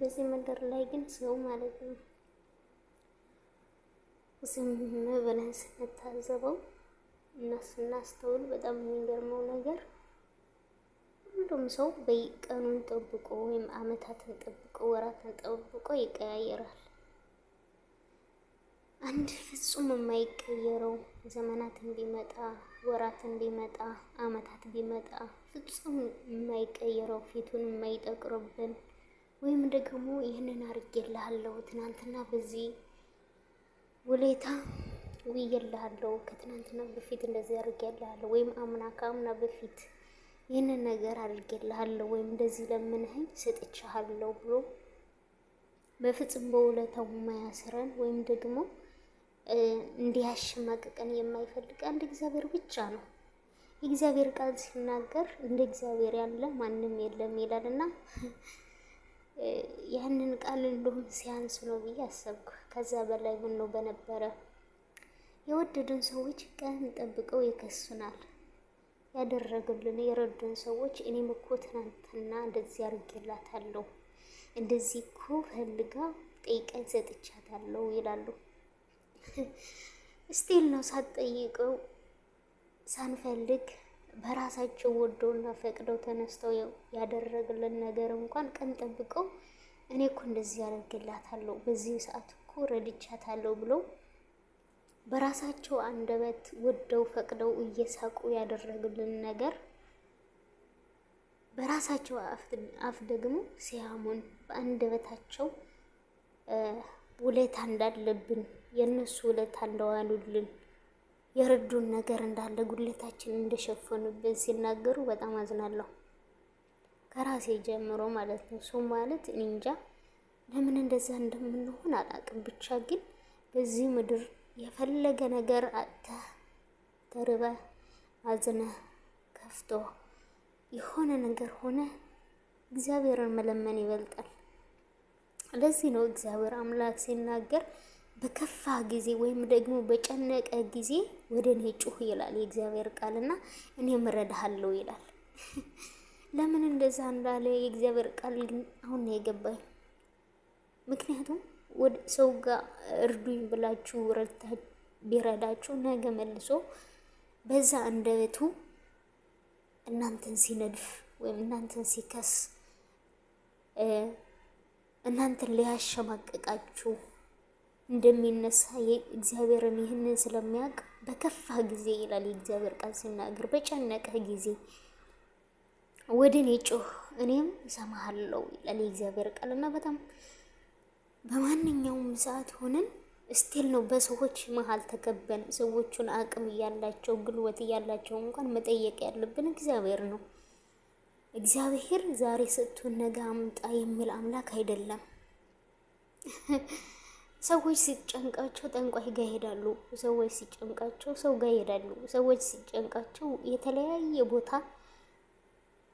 በዚህ ምድር ላይ ግን ሰው ማለት ነው ዝም ብለን ስንታዘበው እና ስናስተውል በጣም የሚገርመው ነገር ሁሉም ሰው በቀኑን ጠብቆ ወይም አመታትን ጠብቆ ወራትን ጠብቆ ይቀያየራል። አንድ ፍጹም የማይቀየረው ዘመናትን ቢመጣ ወራትን ቢመጣ አመታት ቢመጣ ፍጹም የማይቀየረው ፊቱን የማይጠቅርብን ወይም ደግሞ ይህንን አድርጌልሃለሁ ትናንትና በዚህ ውሌታ ውዬልሃለሁ ከትናንትና በፊት እንደዚህ አድርጌልሃለሁ ወይም አምና ከአምና በፊት ይህንን ነገር አድርጌልሃለሁ ወይም እንደዚህ ለምንህኝ ሰጥቼሃለሁ ብሎ በፍጹም በውለታው የማያስረን ወይም ደግሞ እንዲያሸማቅቀን የማይፈልግ አንድ እግዚአብሔር ብቻ ነው። እግዚአብሔር ቃል ሲናገር እንደ እግዚአብሔር ያለ ማንም የለም ይላልና ያንን ቃል ሁሉም ሲያንስ ነው ብዬ አሰብኩ። ከዛ በላይ ነው በነበረ የወደዱን ሰዎች ቀን ጠብቀው ይከሱናል። ያደረጉልን የረዱን ሰዎች እኔም እኮ ትናንትና እንደዚህ አድርጌላታለሁ፣ እንደዚህ እኮ ፈልጋ ጠይቀኝ ሰጥቻታለሁ ይላሉ። እስቲል ነው ሳትጠይቀው ሳንፈልግ በራሳቸው ወደውና ፈቅደው ተነስተው ያደረግልን ነገር እንኳን ቀን ጠብቀው እኔ እኮ እንደዚህ ያደርግላታለሁ በዚህ ሰዓት እኮ ረድቻታለሁ ብለው በራሳቸው አንደበት ወደው ፈቅደው እየሳቁ ያደረግልን ነገር በራሳቸው አፍ ደግሞ ሲያሙን በአንደበታቸው ውለታ እንዳለብን የእነሱ ውለታ እንደዋሉልን የረዱን ነገር እንዳለ ጉድለታችን እንደሸፈኑብን ሲናገሩ በጣም አዝናለሁ። ከራሴ ጀምሮ ማለት ነው። ሰው ማለት እንጃ ለምን እንደዛ እንደምንሆን አላውቅም። ብቻ ግን በዚህ ምድር የፈለገ ነገር አጥተህ ተርበ አዝነ ከፍቶ የሆነ ነገር ሆነ እግዚአብሔርን መለመን ይበልጣል። ለዚህ ነው እግዚአብሔር አምላክ ሲናገር በከፋ ጊዜ ወይም ደግሞ በጨነቀ ጊዜ ወደ እኔ ጩህ ይላል የእግዚአብሔር ቃልና እኔ እረዳሃለሁ ይላል። ለምን እንደዛ እንዳለ የእግዚአብሔር ቃል ግን አሁን ነው የገባኝ። ምክንያቱም ወደ ሰው ጋር እርዱኝ ብላችሁ ቢረዳችሁ ነገ መልሶ በዛ አንደበቱ እናንተን ሲነድፍ ወይም እናንተን ሲከስ እናንተን ሊያሸማቅቃችሁ እንደሚነሳ እግዚአብሔርም ይህንን ስለሚያውቅ በከፋ ጊዜ ይላል የእግዚአብሔር ቃል ሲናገር፣ በጨነቀህ ጊዜ ወደ እኔ ጮህ እኔም እሰማሃለሁ ይላል የእግዚአብሔር ቃል እና በጣም በማንኛውም ሰዓት ሆነን ስቲል ነው በሰዎች መሀል ተከበን ሰዎቹን አቅም እያላቸው ግልወት እያላቸው እንኳን መጠየቅ ያለብን እግዚአብሔር ነው። እግዚአብሔር ዛሬ ሰጥቶን ነገ አምጣ የሚል አምላክ አይደለም። ሰዎች ሲጨንቃቸው ጠንቋይ ጋር ይሄዳሉ። ሰዎች ሲጨንቃቸው ሰው ጋር ይሄዳሉ። ሰዎች ሲጨንቃቸው የተለያየ ቦታ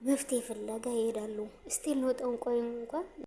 መፍትሄ ፍለጋ ይሄዳሉ። እስቲል ነው ጠንቋይም እንኳን